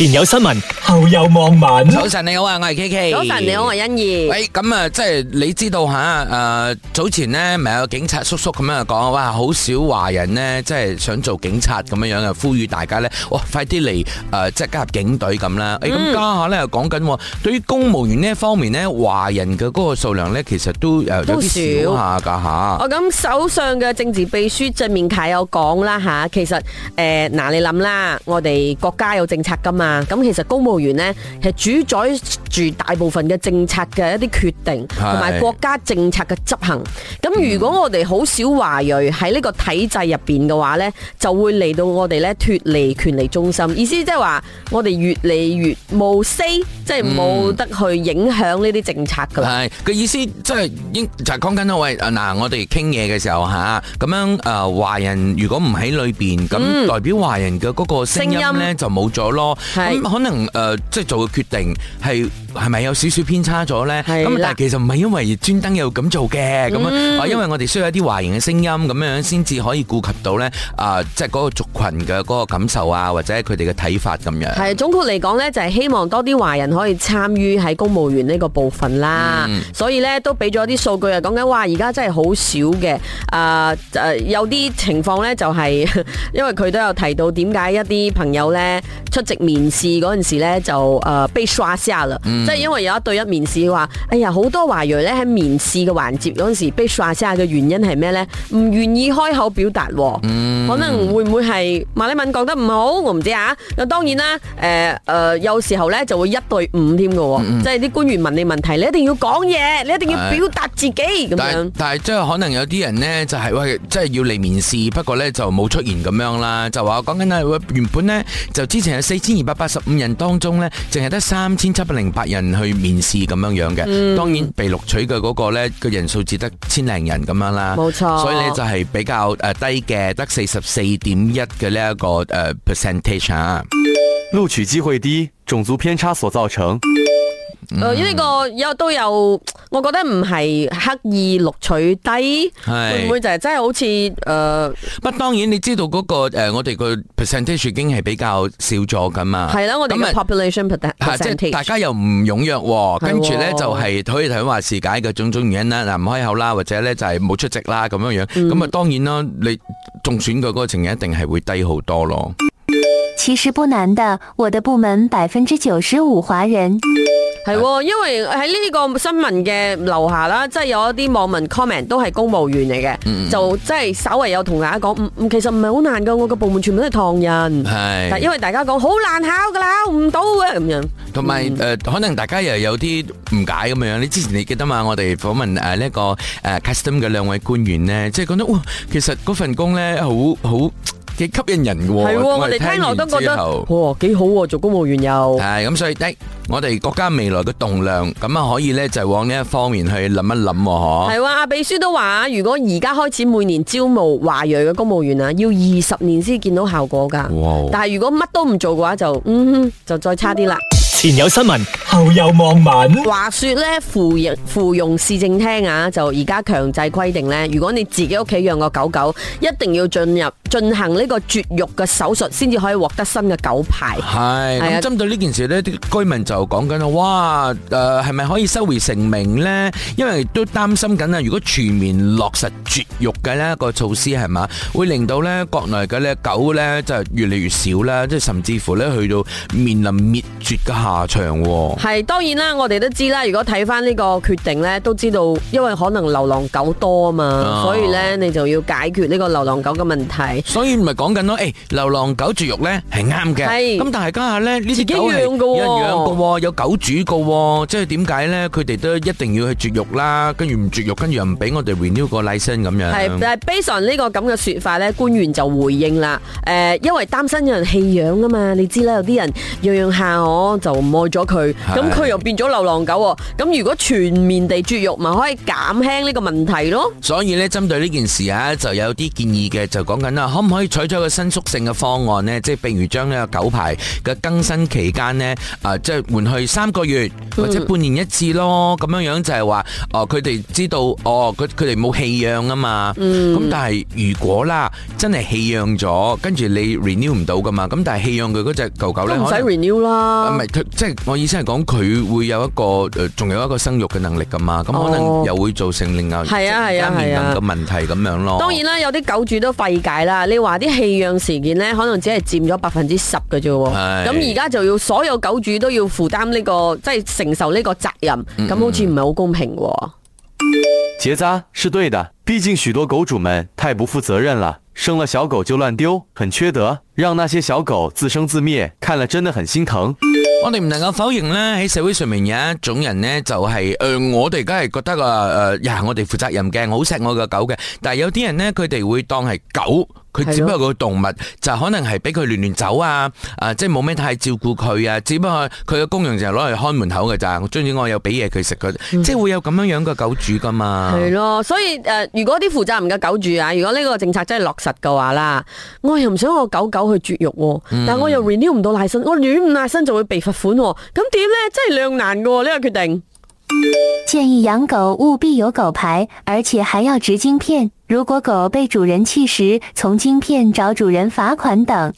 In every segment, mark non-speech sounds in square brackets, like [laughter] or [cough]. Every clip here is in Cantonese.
前有新聞，後有網民。早晨你好啊，我係 K K。早晨你好，我係欣宜。喂，咁啊，即係你知道吓，誒，早前咧咪有警察叔叔咁樣講，哇，好少華人咧，即係想做警察咁樣樣，又呼籲大家咧，哇，快啲嚟誒，即係加入警隊咁啦。誒，咁家下咧又講緊，對於公務員呢方面咧，華人嘅嗰個數量咧，其實都有啲少下噶吓。我咁，首相嘅政治秘書鄭面啟有講啦吓，其實誒，嗱，你諗啦，我哋國家有政策噶嘛。咁其實公務員呢，係主宰住大部分嘅政策嘅一啲決定，同埋國家政策嘅執行。咁、嗯、如果我哋好少華裔喺呢個體制入邊嘅話呢，就會嚟到我哋呢脫離權力中心，意思即係話我哋越嚟越冇 say，即係冇得去影響呢啲政策噶。係個意思，就是，即係應就係講緊啦喂，嗱，就是，我哋傾嘢嘅時候吓，咁樣誒華人如果唔喺裏邊，咁、啊嗯、代表華人嘅嗰個聲音呢，嗯就是，就冇咗咯。啊嗯、可能誒、呃，即係做個決定係係咪有少少偏差咗呢？咁但係其實唔係因為專登又咁做嘅，咁啊，因為我哋需要一啲華人嘅聲音咁樣先至可以顧及到呢，啊、呃，即係嗰個族群嘅嗰個感受啊，或者佢哋嘅睇法咁樣。係，總括嚟講呢，就係、是、希望多啲華人可以參與喺公務員呢個部分啦。嗯、所以呢，都俾咗啲數據啊，講緊哇，而家真係好少嘅啊誒，有啲情況呢，就係、是，因為佢都有提到點解一啲朋友呢，出席面試嗰陣時呢就誒被刷啦。嗯嗯、即係因為有一對一面試話，哎呀，好多華裔咧喺面試嘅環節嗰陣時候被刷下嘅原因係咩咧？唔願意開口表達，嗯，可能會唔會係馬禮敏講得唔好？我唔知道啊。又當然啦，誒、呃、誒，有時候咧就會一對五添嘅，嗯，即係啲官員問你問題，你一定要講嘢，你一定要表達自己咁樣。但係即係可能有啲人呢，就是，就係喂，即係要嚟面試，不過咧就冇出現咁樣啦。就話講緊啦，原本呢，就之前係四千二百八十五人當中呢，淨係得三千七百零八人去面試咁樣樣嘅，當然被錄取嘅嗰個呢，個人數只得千零人咁樣啦，冇錯，所以呢就係比較誒低嘅，得四十四點一嘅呢一個誒 percentage 啊。錄取機會低，種族偏差所造成。誒、嗯、呢、呃這個有都有，我覺得唔係刻意錄取低，會唔會就係真係好似誒、呃，不當然你知道嗰、那個誒、呃，我哋個 percentage 已經係比較少咗噶嘛。係啦，我哋 population、就是、大家又唔踴躍，跟住咧就係可以睇到話事解嘅種種原因啦，嗱，唔開口啦，或者咧就係冇出席啦咁樣樣。咁、嗯、啊，當然啦，你中選嘅嗰個過程一定係會低好多咯。其實不難的，我的部門百分之九十五華人。係，因為喺呢個新聞嘅樓下啦，即係有一啲網民 comment 都係公務員嚟嘅，就即係稍為有同大家講，唔唔，其實唔係好難噶，我個部門全部都係唐人。係，因為大家講好難考噶啦，考唔到嘅咁樣。同埋誒，可能大家又有啲誤解咁樣。你之前你記得嘛？我哋訪問誒呢個誒 custom 嘅兩位官員咧，即係覺得哇，其實嗰份工咧好好。幾吸引人嘅係，我哋聽落都覺得，哇，幾好做公務員又係咁，所以誒，我哋國家未來嘅棟梁，咁啊可以咧就往呢一方面去諗一諗，嗬。係啊，阿秘書都話啊，如果而家開始每年招募華裔嘅公務員啊，要二十年先見到效果噶。但係如果乜都唔做嘅話，就嗯哼就再差啲啦。前有新聞，後有網民。話說咧，芙蓉芙蓉市政廳啊，就而家強制規定咧，如果你自己屋企養個狗狗，一定要進入。進行呢個絕育嘅手術，先至可以獲得新嘅狗牌。係咁針對呢件事呢，呢啲居民就講緊啊，哇！誒，係咪可以收回成名呢？因為都擔心緊啊。如果全面落實絕育嘅呢個措施係嘛，會令到呢國內嘅呢狗呢就越嚟越少啦，即係甚至乎呢去到面臨滅絕嘅下場。係，當然啦，我哋都知啦。如果睇返呢個決定呢，都知道因為可能流浪狗多啊嘛，所以呢你就要解決呢個流浪狗嘅問題。所以唔係講緊咯，誒，流浪狗絕育咧係啱嘅，咁但係家下咧呢隻狗係有人養嘅，有狗主嘅，即係點解咧？佢哋都一定要去絕育啦，跟住唔絕育，跟住又唔俾我哋 renew 個 license 咁樣。係，但係 basically 呢個咁嘅說法咧，官員就回應啦，誒，因為擔心有人棄養啊嘛，你知啦，有啲人養養下我就唔愛咗佢，咁佢又變咗流浪狗，咁如果全面地絕育，咪可以減輕呢個問題咯。所以咧，針對呢件事啊，就有啲建議嘅，就講緊啦。可唔可以採取一個伸縮性嘅方案咧？即係譬如將呢個狗牌嘅更新期間咧，誒，即係換去三個月或者半年一次咯。咁樣樣就係話，哦，佢哋知道，哦，佢佢哋冇棄養啊嘛。咁但係如果啦，真係棄養咗，跟住你 renew 唔到噶嘛。咁但係棄養佢嗰隻狗狗咧，唔使 renew 啦。唔係，即係我意思係講佢會有一個誒，仲有一個生育嘅能力噶嘛。咁可能又會造成另外係啊係啊係啊嘅問題咁樣咯。當然啦，有啲狗主都費解啦。嗱，你話啲棄養事件咧，可能只係佔咗百分之十嘅啫。咁而家就要所有狗主都要負擔呢個，即係承受呢個責任。咁、嗯嗯、好似唔係好公平。結紮是對的，畢竟許多狗主們太不負責任啦。生了小狗就亂丟，很缺德，讓那些小狗自生自滅，看了真的很心疼。我哋唔能夠否認呢，喺社會上面有一種人、就是呃呃、的的有人呢，就係誒，我哋梗係覺得啊誒，又係我哋負責任嘅，好錫我嘅狗嘅。但係有啲人呢，佢哋會當係狗，佢只不過個動物，就可能係俾佢亂亂走啊，啊、呃，即係冇咩太照顧佢啊。只不過佢嘅功用就係攞嚟看門口嘅咋。我總之我有俾嘢佢食，佢即係會有咁樣樣嘅狗主噶嘛。係咯，所以誒、呃，如果啲負責任嘅狗主啊，如果呢個政策真係落實。嘅話啦，我又唔想我狗狗去絕育，嗯、但我又 renew 唔到拉新，我 renew 唔拉新就會被罰款，咁點呢？真係兩難嘅呢、這個決定。建議養狗務必有狗牌，而且還要植晶片。如果狗被主人棄時，從晶片找主人罰款等，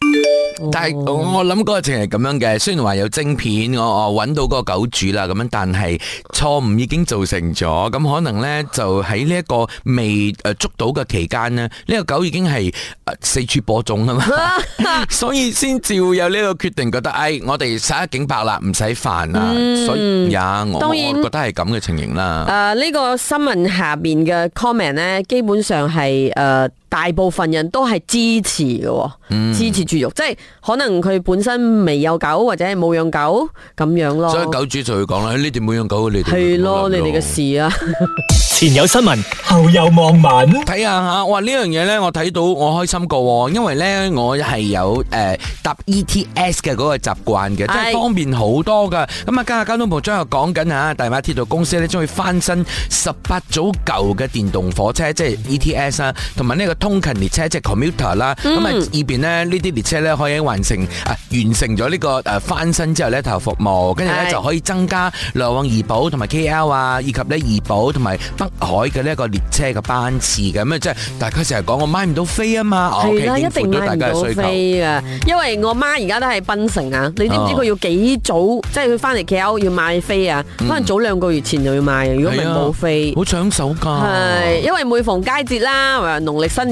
但係我諗嗰個情係咁樣嘅，雖然話有晶片，我我揾到嗰個狗主啦，咁樣，但係錯誤已經造成咗，咁可能咧就喺呢一個未誒、呃、捉到嘅期間咧、呢、這個狗已經係誒、呃、四處播種啊嘛、 [laughs] [laughs] 哎嗯，所以先至會有呢個決定，覺得誒我哋殺一儆百啦，唔使煩啦，所以也我我覺得係咁嘅情形啦。誒、呃、呢、這個新聞下面嘅 comment 咧，基本上。係呃、uh... 大部分人都係支持嘅，支持絕育，嗯、即係可能佢本身未有狗或者冇養狗咁樣咯。所以狗主就要講啦，你哋冇養狗，你係咯，你哋嘅事啊。 [laughs] 前有新聞，後有網民，睇下嚇哇！呢樣嘢咧，我睇到我開心過，因為咧我係有誒搭、呃、E T S 嘅嗰個習慣嘅，即係方便好多噶。咁、哎、啊，家下交通部將又講緊啊，大馬鐵道公司咧，將會翻新十八組舊嘅電動火車，嗯、即係 E T S 啊，同、這、埋呢個。通勤列車即係 commuter 啦，咁啊，呢邊咧呢啲列車咧可以運成啊，完成咗呢個誒翻新之後咧，投入服務，跟住咧就可以增加來往怡保同埋 KL 啊，以及咧怡保同埋北海嘅呢一個列車嘅班次咁啊，即係大家成日講我買唔到飛啊嘛，係啦，一定買唔到飛啊，因為我媽而家都喺檳城啊，你知唔知佢要幾早？即係佢翻嚟 KL 要買飛啊，可能早兩個月前就要買，如果唔係冇飛，好搶手㗎，係因為每逢佳節啦，或者農曆新。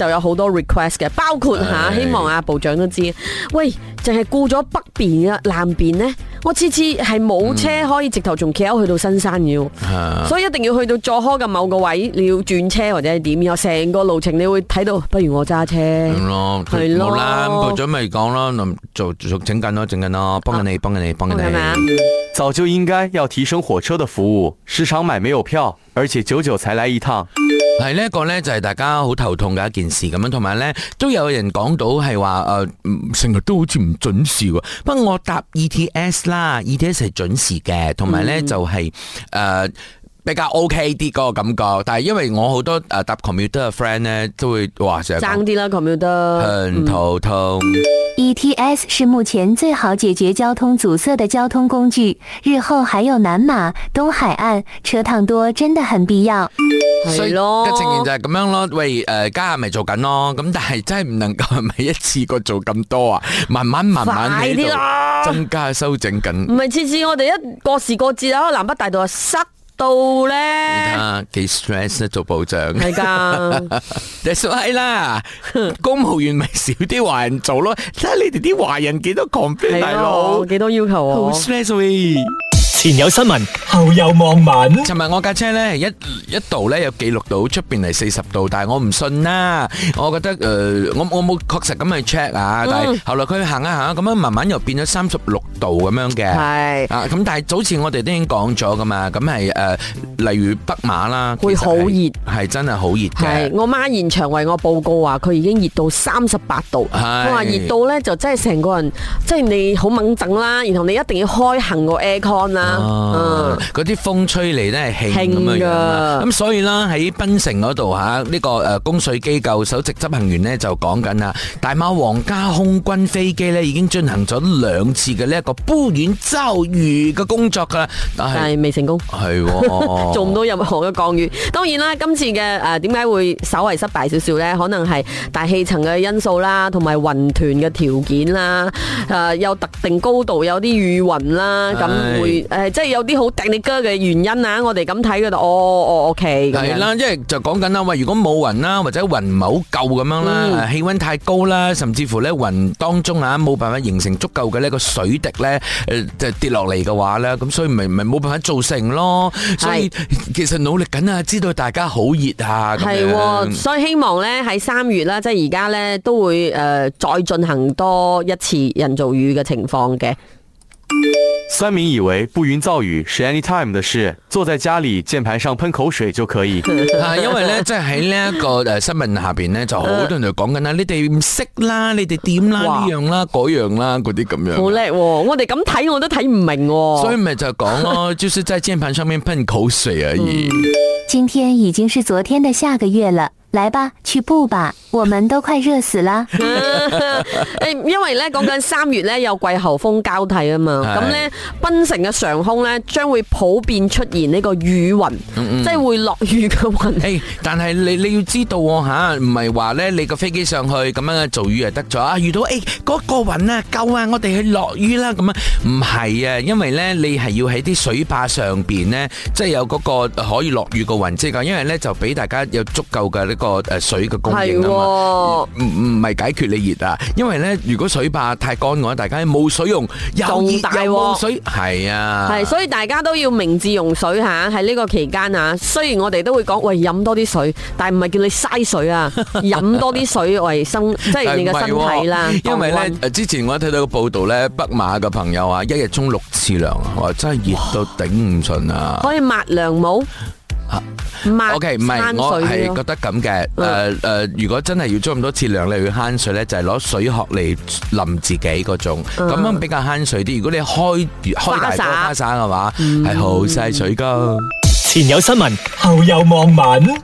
就有好多 request 嘅，包括吓、啊，哎、希望阿部長都知。喂，淨係顧咗北邊啊，南邊咧，我次次係冇車，可以直頭從 k 車去到新山要，嗯、所以一定要去到坐開嘅某個位，你要轉車或者係點。又成個路程你會睇到，不如我揸車，係咯，好啦，部長咪講啦，就整緊啦，整緊啦，幫緊你，幫緊你，幫緊你。早就應該要提升火車嘅服務，時常買沒有票，而且久久才來一趟。係呢一個呢，就係大家好頭痛嘅一件事咁樣，同埋呢，都有人講到係話誒，成、呃、日都好似唔準時喎。不過我搭 E T S 啦，E T S 係準時嘅，同埋呢，嗯、就係、是、誒。呃比較 OK 啲嗰個感覺，但係因為我好多誒搭、呃、commuter 嘅 friend 咧，都會話成爭啲啦 commuter，很頭痛。ETS 是目前最好解決交通阻塞的交通工具，日後還有南馬東海岸車趟多，真的很必要。係咯，個情形就係咁樣咯。喂，誒、呃，家下咪做緊咯，咁但係真係唔能夠係咪一次過做咁多啊？慢慢慢慢喺呢度增加修整緊。唔係次次我哋一過時過節啊，南北大道啊塞。到咧，你睇下幾 stress 咧做部長，係噶，所以啦，公務員咪少啲華人做咯，睇下你哋啲華人幾多 competition，幾多要求啊，好 stress。前有新聞，後有網民。尋日我架車咧一一度咧有記錄到出邊係四十度，但係我唔信啦。我覺得誒，我我冇確實咁去 check 啊。但係後來佢行一行咁樣，慢慢又變咗三十六度咁樣嘅。係啊，咁但係早前我哋都已經講咗噶嘛。咁係誒，例如北馬啦，會好熱，係真係好熱嘅。我媽現場為我報告話，佢已經熱到三十八度。佢話熱到咧就真係成個人，即係你好猛整啦，然後你一定要開行個 aircon 啦。哦，嗰啲風吹嚟咧係興咁樣樣啦，咁所以啦喺檳城嗰度嚇呢個誒供水機構首席執行員呢就講緊啦，大馬皇家空軍飛機呢已經進行咗兩次嘅呢一個播雲造雨嘅工作噶，但係但係未成功，係做唔到任何嘅降雨。當然啦，今次嘅誒點解會稍為失敗少少呢？可能係大氣層嘅因素啦，同埋雲團嘅條件啦，誒有特定高度有啲雨雲啦，咁會。誒，即係有啲好 drop 你歌嘅原因啊。我哋咁睇嗰度，哦哦，OK。係啦，即係就講緊啦，喂，如果冇雲啦，或者雲唔係好夠咁樣啦，氣溫太高啦，甚至乎咧雲當中啊冇辦法形成足夠嘅呢個水滴咧，誒，就跌落嚟嘅話咧，咁所以咪咪冇辦法造成咯。所以其實努力緊啊，知道大家好熱啊。咁係，所以希望咧喺三月啦，即係而家咧都會誒再進行多一次人造雨嘅情況嘅。三名以為不雲造雨是 anytime 的事，坐在家裏鍵盤上噴口水就可以。 [laughs] 啊，因為呢，在這兩個的新聞下邊呢，就好、是、多人就講緊啦， [laughs] 你哋唔識啦，你哋點啦，呢樣啦，嗰樣啦，嗰啲咁樣。好叻喎、哦，我哋咁睇我都睇唔明喎、哦。所以咪就講咯，就是在鍵盤上面噴口水而已、 [laughs] 嗯。今天已經是昨天的下個月了。來吧，去步吧，我們都快熱死了。誒，因為咧，講緊三月咧，有季候風交替啊嘛。咁咧，檳城嘅上空咧，將會普遍出現呢個雨雲，即係會落雨嘅雲。誒，但係你你要知道吓，唔係話咧，你個飛機上去咁樣做雨就得咗啊？遇到誒嗰個雲啊，夠啊，我哋去落雨啦咁啊？唔係啊，因為咧，你係要喺啲水壩上邊咧，即係有嗰個可以落雨嘅雲，即係因為咧就俾大家有足夠嘅。個誒水嘅供應啊嘛，唔唔係解決你熱啊，因為咧，如果水壩太乾嘅話，大家冇水用又大鑊喎，係啊，係所以大家都要明智用水吓，喺呢個期間啊，雖然我哋都會講，喂，飲多啲水，但係唔係叫你嘥水啊，飲多啲水為生，即係你嘅身體啦。因為咧，之前我睇到個報道咧，北馬嘅朋友啊，一日沖六次涼啊，哇，真係熱到頂唔順啊，可以抹涼帽。O.K. 唔係，我係覺得咁嘅。誒、嗯、誒、呃呃，如果真係要裝咁多次量，你要慳水咧，就係、是、攞水殼嚟淋自己嗰種，咁、嗯、樣比較慳水啲。如果你開開大花灑嘅話，係好細水噶、嗯。前有新聞，後有網民。